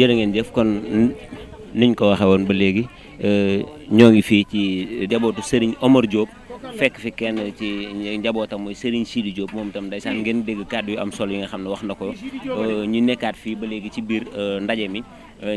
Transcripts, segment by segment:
jërë ngeen jëf kon niñ ko waxee woon ba léegi euh, ñoo ngi fii ci njabootu Serigne Omar Diop fekk fi kenn ci njabootam mooy Serigne Sidi Diop moom itam ndeysaan ngeen dégg kàddu yu am solo yi nga xam ne wax na ko euh, ñu nekkaat fii ba léegi ci biir euh, ndaje mi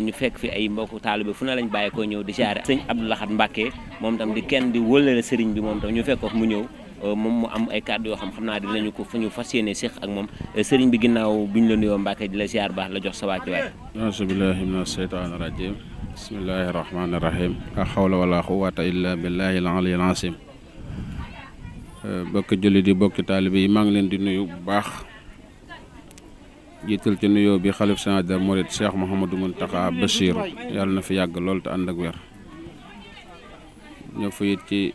ñu fekk fi ay mbokku taalibe fu ne lañ bàyyeekoo ñëw di siyaare sëñ Abdou Lahad Mbacké moom itam di kenn di wëllëre Serigne bi moom itam ñu fekk ko mu ñëw. Euh, moom mu am ay kàddu yoo xam xam naa dinañu ko fu ñu fas yéene séq ak moom euh, sëriñ bi ginnaaw bi ñu la nuyoo Mbacke di la ziar baax la jox sa wàcc waay a billahi mina sheytaani rajim bismillahi rahmaani rahim la xawla wala quwata illa billahi al aliyyil azim euh, bokki jullit yi bokki taalibe yi maa ngi leen di nuyu bu baax jiital nuyoo bi xalif général des mourides Cheikh Mouhamadou Mountakha Bachir yàlla na fi yàgg lool te ànd ak wér ñoo fa it ci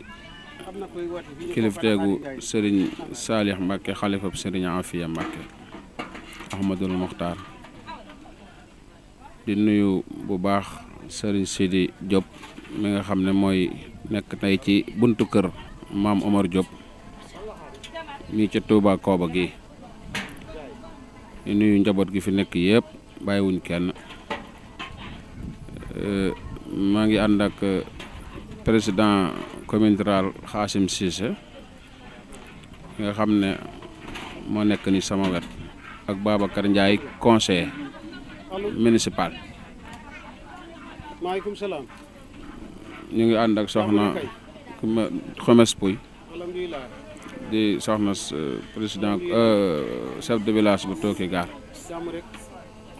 kilifteegu sëriñ Saalix Mbàkke xalifab sëriñ Afiya Mbàkke Ahmadul Muxtaar di nuyu bu baax sëriñ Sidi Diop mi nga xam ne mooy nekk tey ci buntu kër maam Omar Diop mii ca Touba Kooba gi di nuyu njaboot gi fi nekk yëpp bàyyiwuñ kenn euh, maa ngi ànd ak euh, président commune rurale Xaasim Cissé nga xam ne moo nekk ni sama wet ak Babacar Ndiaye conseiller municipal. ñu ngi ànd ak soxna Xomes Pouy di soxna euh, président euh, chef de village bu Tooki Gaar.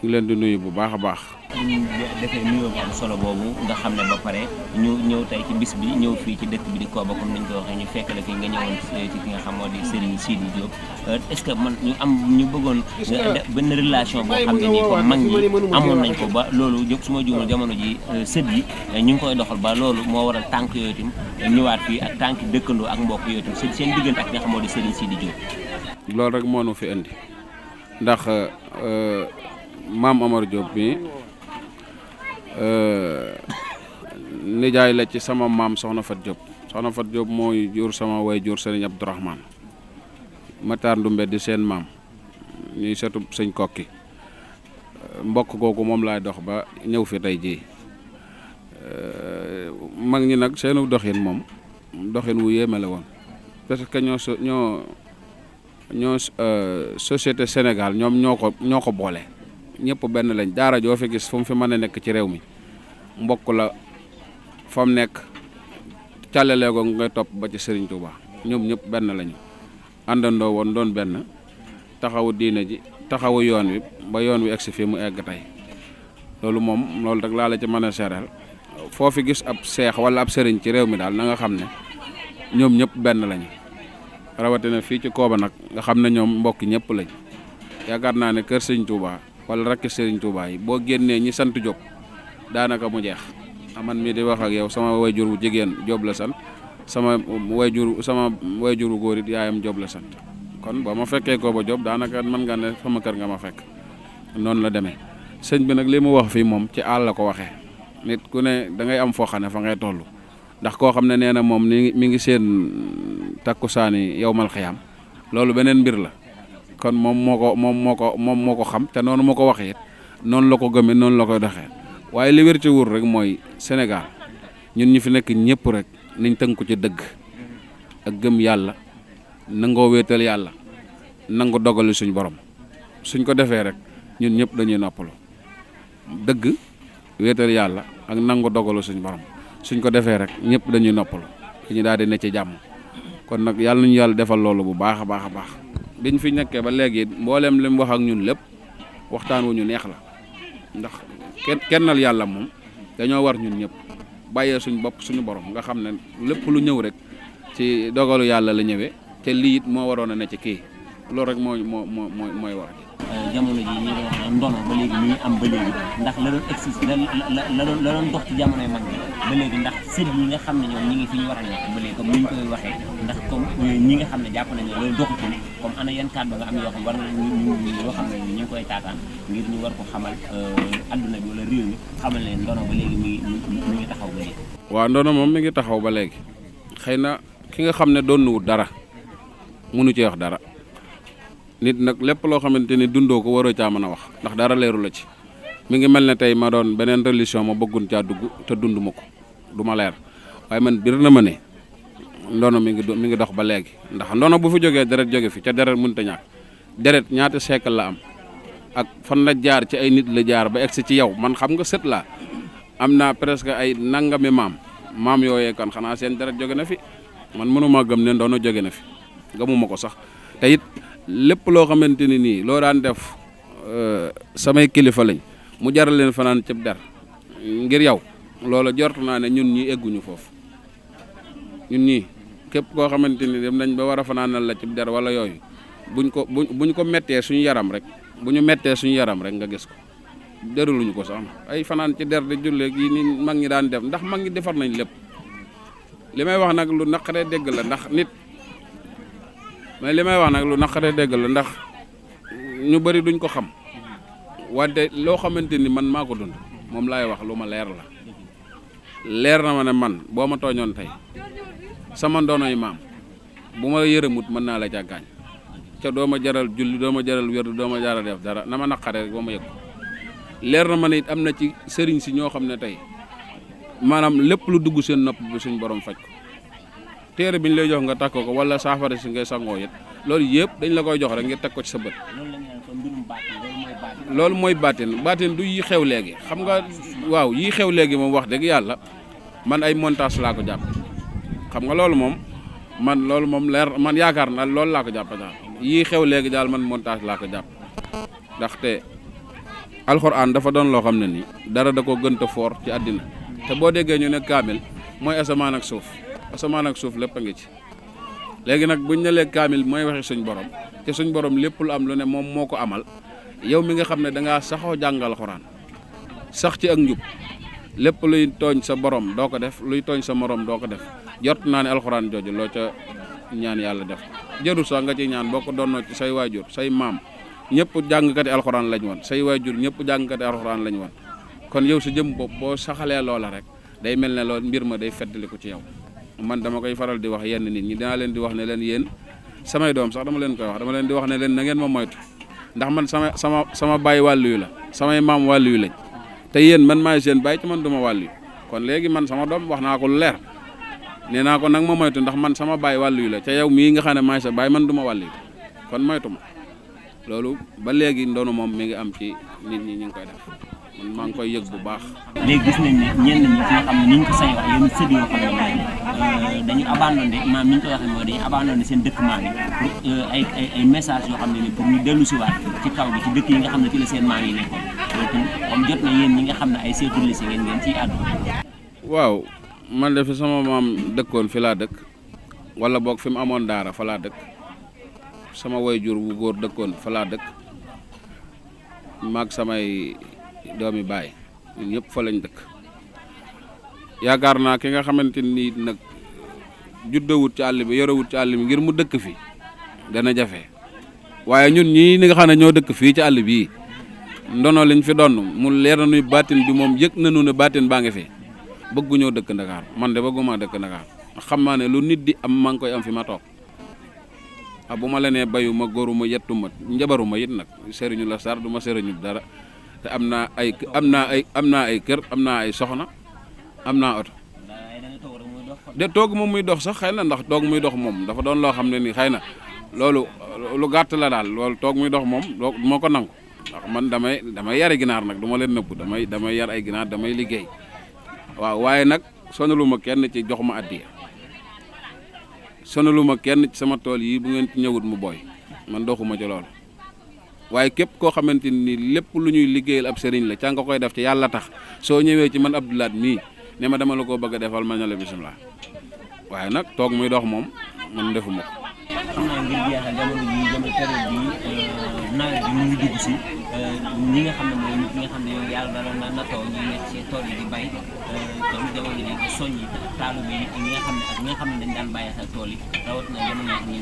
ñu ngi leen di nuyu bu baax a baax. ñu defee nuyoo solo boobu nga xam ne ba pare ñu ñëw tey ci bis bi ñëw fii ci dëkk bi di Koba comme ni ñu ko waxee ñu fekk la fi nga ñëwoon ci ki nga xam moo di Serigne Sidi Diop euh, ce que man ñu am ñu bëggoon benn relation boo xam ne nii ko mag amoon nañ ko ba loolu jëpp su ma jamono ji euh, sët yi euh, ñu ngi koy doxal ba loolu moo waral tànk yooyu itam ñëwaat fii ak tànk dëkkandoo ak mbokk yooyu itam seen seen ki nga xam di Serigne Sidi Diop. loolu rek moo nu fi indi ndax. maam Amar Diop mi euh, nijaay la ci sama maam Soxna Fat Diop Soxna Fat Diop mooy jur sama way jur sëriñ Abdourahmane Matar Ndumbe di seen maam ñuy setu sëñ kokki mbokk googu moom laay dox ba ñëw fi tey jii euh, mag ñi nag seenu doxin moom doxin wu yéeme la woon parce que ñoo ñoo ñoo euh, société Sénégal ñoom ñoo ko ñoo ko boole ñépp benn lañ daara joo fi gis fu mu fi mën a nekk ci réew mi mbokk la fa nekk càllalee ko ngay topp ba ci sëriñ Touba ñoom ñëpp benn lañu àndandoo woon doon benn taxawu diine ji taxawu yoon wi ba yoon wi egsi fii mu egg tey loolu moom loolu rek laa la ci mën a seeral foo fi gis ab seex wala ab sëriñ ci réew mi daal nanga xam ne ñoom ñëpp benn lañu rawatina fii ci Kooba nag nga xam ne ñoom mbokk ñëpp lañ yaakaar naa ne kër Sëriñ Touba wala rakki Serigne Touba yi boo génnee ñi sant Diop daanaka mu jeex ah, man mii di wax ak yow sama jur wu jigéen Diop la sant sama wayjur sama wayjur bu góor it yaayam Diop la sant kon boo ma fekkee ko ba Diop daanaka mën nga ne sama kër nga ma fekk noonu la demee sëñ bi nag li mu wax fii moom ci àll la ko waxee nit ku ne da ngay am foo xam ne fa ngay toll ndax koo xam ne nee na moom mi ngi seen takkusaani yow mal xiyam loolu beneen mbir la. kon moom moo ko moom moo ko moom moo ko xam te noonu ma ko waxee noonu la ko gëmee noonu la koy doxee waaye li wér ci wóor rek mooy Sénégal ñun ñu fi nekk ñëpp rek niñ nañ ko ci dëgg ak gëm yàlla nangoo wéetal yàlla nangu dogali suñ borom suñ ko defee rek ñun ñëpp dañuy noppalu dëgg wéetal yàlla ak nangu dogalu suñ borom suñ ko defee rek ñëpp dañuy noppalu ñu daal di ne ci jàmm kon nag yàlla nañu yàlla defal loolu bu baax a baax a baax. bi ñu fi nekkee ba léegi mboolem li mu wax ak ñun lépp waxtaan wu ñu neex la ndax kenn kennal yàlla moom dañoo war ñun ñëpp bàyyee suñu bopp suñu borom nga xam ne lépp lu ñëw rek ci dogalu yàlla la ñëwee te lii it moo waroon a ne ci kii loolu rek moo moo moo mooy war jamono ji ñu ngi wax ba léegi mi ngi am ba léegi ndax la doon existe la la la la doon dox ci jamonoy mag bi ba léegi ndax sët yi nga xam ne ñoom ñi ngi fi a nekk ba léegi ni waxee ndax comme ñi nga xam ne jàpp nañu loolu doxatul comme ana yan kàddu nga am yoo xam war na yoo ne ñu ngi koy taataan ngir ñu war ko xamal euh, adduna bi walla réew mi xamal leen ndono ba léegi mi ngi taxaw ba léegi. waaw ndono moom mi ngi taxaw ba léegi xëy na ki nga xam ne doon na wut dara mënu ci wax dara. nit nag lépp loo xamante ni dundoo ko waroo caa mën a wax ndax dara leeru la ci mi ngi mel ne tey ma doon beneen religion ma bëggun caa dugg te dund ma ko du ma leer waaye man bir na ma ne ndono mi ngi mi ngi dox ba léegi ndax ndono bu fi jógee deret jóge fi ca deret mënta ñàkk deret ñaata siècle la am ak fan la jaar ci ay nit la jaar ba egg si ci yow man xam nga sët laa am naa presque ay nangami maam maam yooyee kan xanaa seen deret jóge na fi man mënuma gëm ne ndono jóge na fi gëmuma ko sax it lépp loo xamante ni nii loo daan def euh, samay kilifa lañ mu jaral leen fanaan cëb dar ngir yow loola jortu naa ne ñun ñi egguñu foofu ñun ñii képp koo xamante ni dem nañ ba war a fanaanal la cib dar wala yooyu buñ ko buñ ko mettee suñu yaram rek bu ñu mettee suñu yaram rek nga gis ko dëruluñu ko sax ay fanaan ci der di julleeg yi ni mag ñi daan def ndax mag ñi defar nañ lépp li may wax nag lu naqaree dégg la ndax nit mais li may wax nag lu naqaree dégg la ndax ñu bëri duñ ko xam wante loo xamante ni man maa ko dund moom laay wax lu ma leer la leer na ma ne man boo ma tooñoon tey sama ndoonoy maam bu ma yërëmut mën naa la jàkkaañ ca doo ma jaral julli doo ma jaral wér doo ma jaral def dara na ma naqaree rek ma yëg leer na ma ne it am na ci sëriñ si ñoo xam ne tey maanaam lépp lu dugg seen nopp bi suñ borom faj ko téere bi ñu lay jox nga takko ko wala saafara si ngay sangoo it loolu yëpp dañ la koy jox rek ngir teg ko ci sa bët. loolu mooy baatin baatin du yi xew léegi xam nga waaw yi xew léegi moom wax dëgg yàlla man ay montage laa ko jàpp xam nga loolu moom man loolu moom leer man yaakaar na loolu laa ko jàpp yi xew léegi daal man montage laa ko jàpp ndaxte alxuraan dafa doon loo xam ne nii dara da ko gënta foor ci àddina te boo déggee ñu ne kaamil mooy asamaan ak suuf asamaan ak suuf lépp a ngi ci léegi nag bu ñu lee kaamil mooy waxi suñ borom te suñ borom lépp lu am lu ne moom moo ko amal yow mi nga xam ne dangaa saxoo jàngal xuraan sax ci ak njub lépp luy tooñ sa borom doo ko def luy tooñ sa morom doo ko def jot naa ne alxuraan jooju loo ca ñaan yàlla def jëru sax nga ci ñaan boo ko doonnoo ci say waajur say maam ñëpp jàngkati alxuraan lañ woon say waajur ñëpp jàngkati alxuraan lañ woon kon yow sa jëm bopp boo saxalee loola rek day mel ne lool mbir ma day feddali ko ci yow man dama koy faral di wax yenn nit ñi dinaa leen di wax ne leen yéen samay doom sax dama leen koy wax dama leen di wax ne leen na ngeen ma moytu ndax man sama sama sama baay wàllu yu la samay maam wàllu yu lañ te yéen man maay seen baay ci man du ma wàllu kon léegi man sama doom wax naa ko leer nee naa ko nag ma moytu ndax man sama baay wàllu yu la ca yow mii nga xam ne maay sa baay man du ma wàllu yu kon moytu loolu ba léegi ndoonu moom mi ngi am ci nit ñi ñu ngi koy def man maa ngi koy yëg bu baax. léegi gis nañ ne ñenn ñi fi nga xam ne ni ñu ko say wax yenn sëñ yoo xam ne dañu abandonné maam ni ñu koy waxee mooy dañu abandonné seen dëkk maam yi pour euh, ay ay ay messages yoo xam ne ni pour ñu dellu si waat ci kaw bi ci dëkk yi nga xam ne fi la seen maam yi nekkoon donc comme jot na yéen ñi nga xam ne ay seetu lise ngeen ngeen ciy àddu. waaw man de fi sama maam dëkkoon fi laa dëkk wala boog fi mu amoon daara fa laa dëkk sama wayjur wu góor dëkkoon fa laa dëkk maag samay. doomi baay ñun ñëpp fa lañ dëkk yaakaar naa ki nga xamante ni nag juddawut ci àll bi yorewut ci àll bi ngir mu dëkk fi dana jafe waaye ñun ñii ni nga xam ne ñoo dëkk fii ci àll bi ndono liñ fi doon mu leer na nuy baatin bi moom yëg nañu ne baatin baa ngi fi bëgguñoo dëkk Ndakaar man de bëgguma dëkk Ndakaar xam naa ne lu nit di am maa ngi koy am fi ma toog ah bu ma la nee bayu ma góoru ma njabaru ma it nag sëriñu la sar du ma sëriñu dara te am na ay am naa ay am naa ay kër am naa ay soxna am naa oto de toog moom muy dox sax xëy na ndax toog muy dox moom dafa doon loo xam ne nii xay na loolu lu gàtt la daal loolu toog muy dox moom ma ko nangu ndax man damay yar yare ginaar nag du ma leen nëbbu damay damay yar ay ginaar damay liggéey waaw waaye nag sonaluma kenn ci jox ma addiya sonaluma kenn ci sama tool yii bu ngeen ci ñëwut mu booy man doxuma ci loolu waaye képp koo xamante ni lépp lu ñuy liggéeyal ab sëriñ la ca nga koy def ci yàlla tax soo ñëwee ci man Abdou Lahad mii ne ma dama la ko bëgg defal ma ne la bisimilah waaye nag toog muy dox moom man defuma ko. xam naa ngir jeexal euh, euh, xam ne mooy nit ñi ñu tool yi euh, ne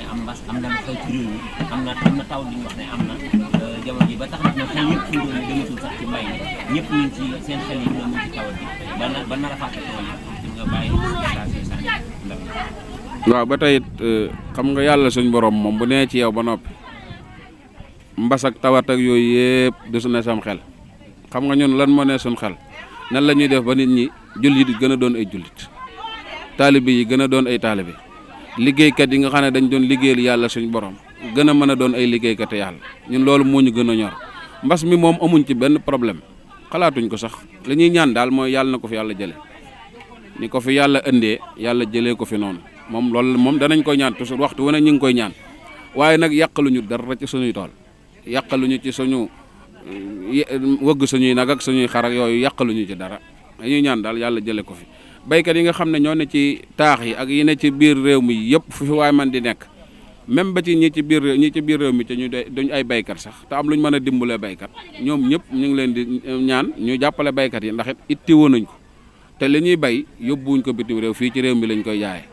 am mbas am na lu ci réew mi am na am na taw ñu ne am na. jamono waaw ba tey it euh, xam nga yàlla suñ borom moom bu nee ci yow ba noppi mbas ak tawat ak yooyu yëpp du su ne sam xel xam nga ñun lan moo ne suñ xel nan la ñuy def ba nit ñi jullit gën a doon ay jullit taalibe yi gën a doon ay taalibe liggéeykat yi nga xam ne dañ doon liggéeyal yàlla suñ borom. gën a mën a doon ay liggéeykat yàlla ñun loolu moo ñu gën a ñor mbas mi moom amuñ ci benn problème xalaatuñ ko sax li ñuy ñaan daal mooy yàlla na ko fi yàlla jële ni ko fi yàlla indee yàlla jëlee ko fi noonu moom loolu moom danañ koy ñaan toujours waxtu wane ñu ngi koy ñaan waaye nag yàqaluñu dara ci suñuy tool yàqaluñu ci suñu wëgg suñuy nag ak suñuy xar ak yooyu yàqaluñu ci dara dañuy ñaan daal yàlla jëlee ko fi béykat yi nga xam ne ñoo ne ci taax yi ak yi ne ci biir réew mi yëpp fu fi waay man di nekk même ba ci ñi ci biir ñii ci biir réew mi te ñu duñ ay baykat sax te am lu ñu mën a dimbalee baykat ñoom ñëpp ñu ngi leen di ñaan ñu jàppale baykat yi ndax it itti woon nañ ko te li ñuy bay yóbbu yóbbuwuñ ko bitim réew fii ci réew mi lañ koy jaayee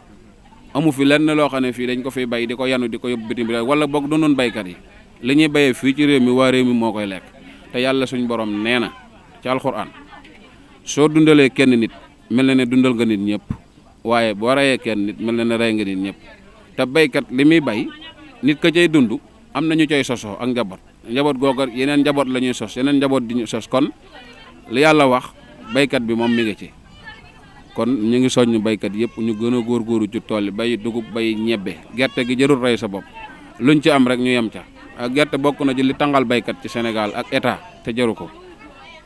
amu fi lenn loo xam ne fii dañ ko fiy bay di ko yanu di ko yóbbu bitim réew wala boog doonoon baykat yi li ñuy bayee fii ci réew mi waa réew mi moo koy lekk te yàlla suñ borom nee na ci alxuraan soo dundalee kenn nit mel na ne dundal nga nit ñëpp waaye boo reyee kenn nit mel na ne nga nit ñëpp te baykat li muy bay nit ka cay dund am na ñu cay sosoo ak njaboot njaboot googu yeneen njaboot la ñuy sos yeneen njaboot di ñu sos kon li yàlla wax baykat bi moom mi ngi ci kon ñu ngi soññ baykat yëpp ñu gën a góoru ci tool yi bay dugub bay ñebbe gerte gi jërul rey sa bopp luñ ci am rek ñu yem ca gerte bokk na ci li tangal baykat ci Sénégal ak état te jaru ko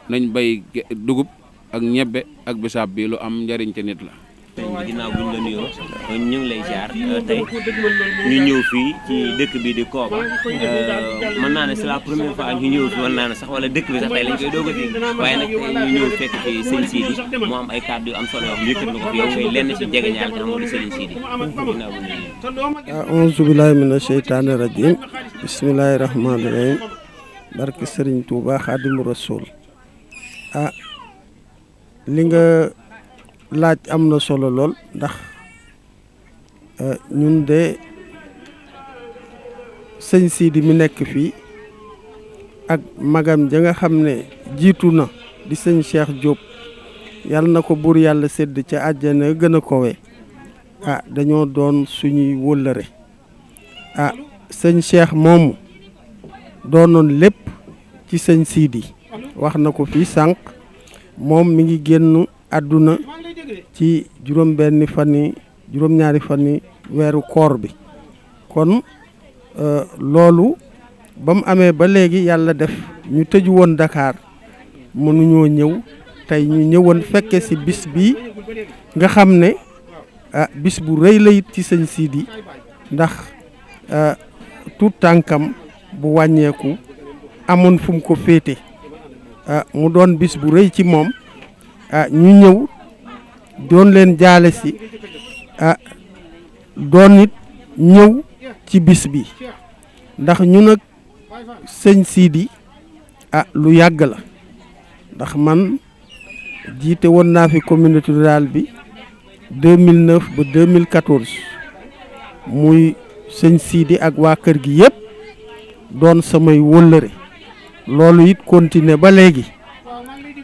nañ bay dugub ak ñebbe ak bisaab bii lu am njariñ ci nit la bi ginnaaw bu ñu la nuyoo ñu ngi lay jaar euh, tey ñu ñëw fii ci dëkk bi di Kooba euh, mën naa ne c'est la première fois ñu ñëw fi mën naa ne sax wala dëkk bi sax tey lañ koy doog waaye nag tey ñu ñëw fekk ci sëñ Sidi mu am ay kàddu yu am solo yoo xam ne yëkkat na ko fi yow lenn ci jege ñaar nga xam ne sëñ Sidi ginnaaw bu ñu la nuyoo. auzu billaahi rajiim bismillaahi rahmaani Sëriñ Tuuba Xaadimu Rasuul ah li nga. laaj am na solo lool ndax euh, ñun de sëñ siidi mi nekk fii ak magam ja nga xam ne jiitu na di sëñ Cheikh Diop yàlla na ko buur yàlla sedd ca àjjana gën a kowe ah dañoo doon suñuy wóllëre ah sëñ Cheikh moomu doonoon lépp ci sëñ Sidi wax na ko fii sànq moom mi ngi génn àdduna ci juróom benni fan yi juróom-ñaari fan yi weeru koor bi kon euh, loolu ba mu amee ba léegi yàlla def ñu tëju woon Dakar mënuñoo ñëw tey ñu ñëwoon fekke si bis bi nga xam ne ah, bis bu rëy la ci sëñ Sidi ndax euh, tuut tànkam bu wàññeeku amoon fu mu ko féete ah, mu doon bis bu rëy ci moom ah, ñu ñëw doon leen jaale si a doon it ñëw ci bis bi ndax ñu nag sëñ Sidi a lu yàgg la ndax man jiite woon naa fi communauté rurale bi 2009 ba 2014 muy sëñ Sidi ak waa kër gi yëpp doon samay wëllëre loolu it continuer ba léegi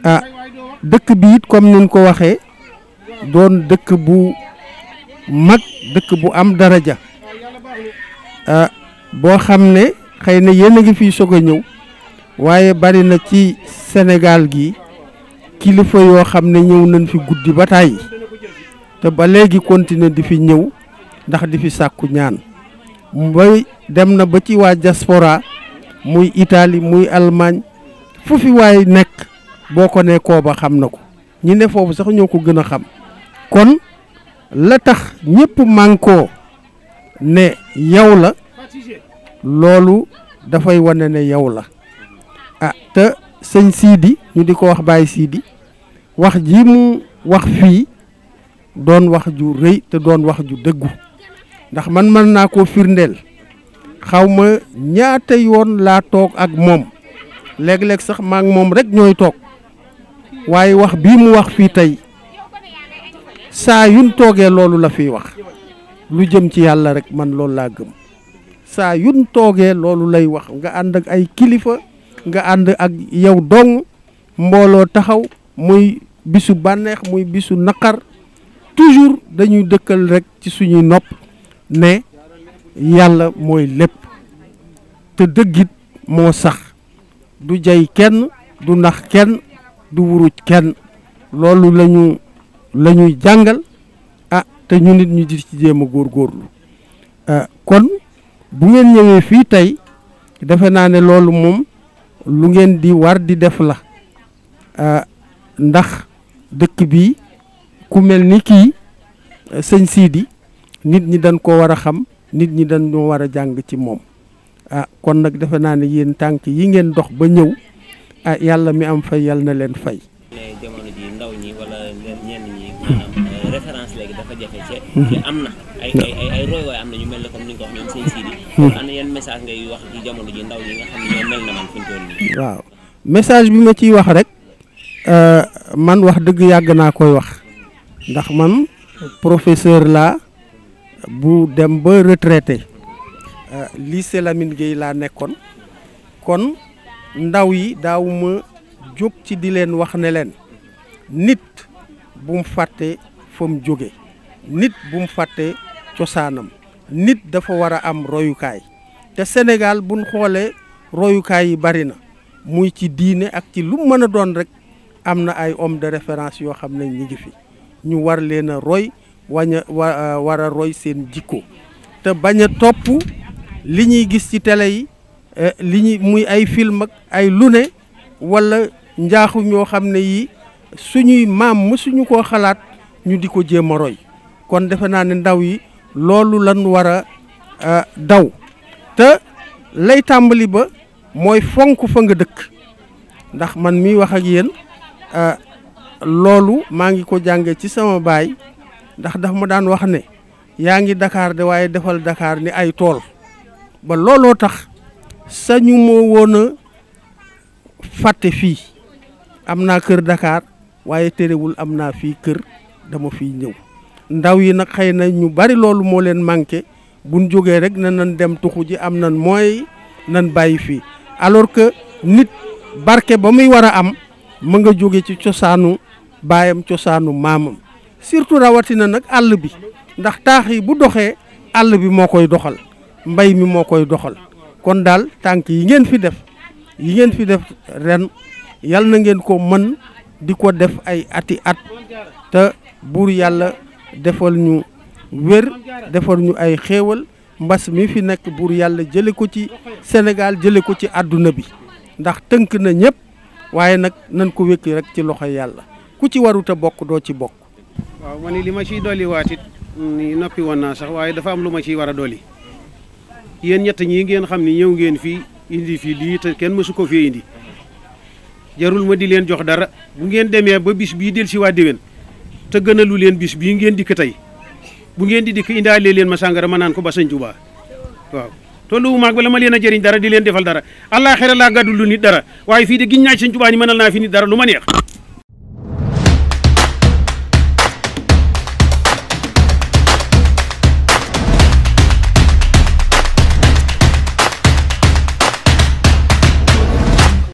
ah dëkk bi it comme ni ko waxee doon dëkk bu mag dëkk bu am daraja ah, boo xam ne xëy na yéen a ngi fiy soog a ñëw waaye bari na ci senegaal gi kilifa yoo xam ne ñëw nañ fi guddi ba tàyyi te ba léegi continuer di fi ñëw ndax di fi sàkku ñaan bay dem na ba ci waa diaspora muy Italie muy Allemagne fu fi waay nekk boo ko ne kooba xam na ko ñi ne foofu sax ñoo ko gën a xam kon la tax ñëpp mànkoo ne yow la loolu dafay wane ne yow la ah te sëñ Sidi ñu di ko wax bàyyi Sidi wax ji mu wax fii doon wax ju rëy te doon wax ju dëggu ndax man man naa koo firndeel xawma ñaata yoon laa toog ak moom léeg-léeg sax maa moom rek ñooy toog waaye wax bii mu wax fii tey saa yuñ toogee loolu la fiy wax lu jëm ci yàlla rek man loolu laa gëm saa yuñ toogee loolu lay wax nga ànd ak ay kilifa nga ànd ak yow dong mbooloo taxaw muy bisu bànneex muy bisu naqar toujours dañuy dëkkal rek ci suñuy nopp ne yàlla mooy lépp te dëggit moo sax du jay kenn du nax kenn du wuruj kenn loolu lañu lañuy jàngal a ah, te ñu nit ñu di ci jéem a góorgóorlu ah, kon bu ngeen ñëwee fii tey defe naa ne loolu moom lu ngeen di war di def la ah, ndax dëkk bi ku mel ni kii sëñ Sidi nit ñi dañ ko war a xam nit ñi dañ ñoo war a jàng ci moom a kon nag defe naa ne yéen tànk yi ngeen dox ba ñëw ah yàlla mi am fay yàlla na leen fay Euh, référence léegi dafa jafe ci am na ay ay am na ñu mel ne comme ni ko wax ñoom sëñ Sidi hmm. message ngay wax ci jamono ji ndaw ñi nga xam ne mel na man fi ñu toll nii bi ma ciy wax rek euh, man wax dëgg yàgg naa koy wax ndax man professeur laa bu dem ba retraité euh, lycée Lamine Gueye laa nekkoon kon ndaw yi daawuma jóg ci di leen wax ne leen nit bu mu fàtte fa mu jóge nit bu mu fàtte cosaanam nit dafa war a am royukaay te Sénégal buñ xoolee royukaay yi bari na muy ci diine ak ci lu mën a doon rek am na ay homme de référence yoo xam ne ñu ngi fi ñu war leen a roy wañ a war a roy seen jikko te bañ a topp li ñuy gis ci tele yi eh, li ñuy muy ay film ak ay lu ne wala njaaxu ñoo xam ne yii suñuy maam mësuñu koo xalaat ñu di ko jéem a roy kon defe naa ne ndaw yi loolu lan war a daw te lay tàmbali ba mooy fonk fa nga dëkk ndax man mi wax ak yéen loolu maa ngi ko jànge ci sama baay ndax daf ma daan wax ne yaa ngi Dakar de waaye defal Dakar ni ay tool ba looloo tax sañu moo woon fàtte fii am naa kër Dakar waaye terewul am naa fii kër dama fiy ñëw ndaw yi nag xëy na ñu bari loolu moo leen manqué buñ jógee rek na nan dem tuxu ji am nan mooy nan bàyyi fii alors que nit barke ba muy war a am mu nga jóge ci cosaanu baayam cosaanu maamam surtout rawatina nag àll bi ndax taax yi bu doxee àll bi moo koy doxal mbay mi moo koy doxal kon daal tànk yi ngeen fi def yi ngeen fi def ren yal na ngeen ko mën di ko def ay ati at te buur yàlla defal ñu wér defal ñu ay xéewal mbas mi fi nekk buur yàlla jële ko ci senegal jële ko ci àdduna bi ndax tënk na ñëpp waaye nag nan ko wékki rek ci loxo yàlla ku ci warut a bokk doo ci bokk waaw ma ni li ma ciy dolli waatit ni noppi woon naa sax waaye dafa am lu ma ciy war a dolli yéen ñett ñii ngeen xam ni ñëw ngeen fii indi fii lii te kenn mësu ko fee indi jarul ma di leen jox dara bu ngeen demee ba bis bii del si waa déwén te gën a leen bis bii ngeen dikk tey bu ngeen di dikk indaalee leen ma sàngara ma naan ko ba sëñ Tuubaa waaw tolluwu maag ba la ma leen a jëriñ dara di leen defal dara allah xera laa gàddu lu nit dara waaye fii de giñ naa sëñ Tuubaa ni mënal naa fi nit dara lu ma neex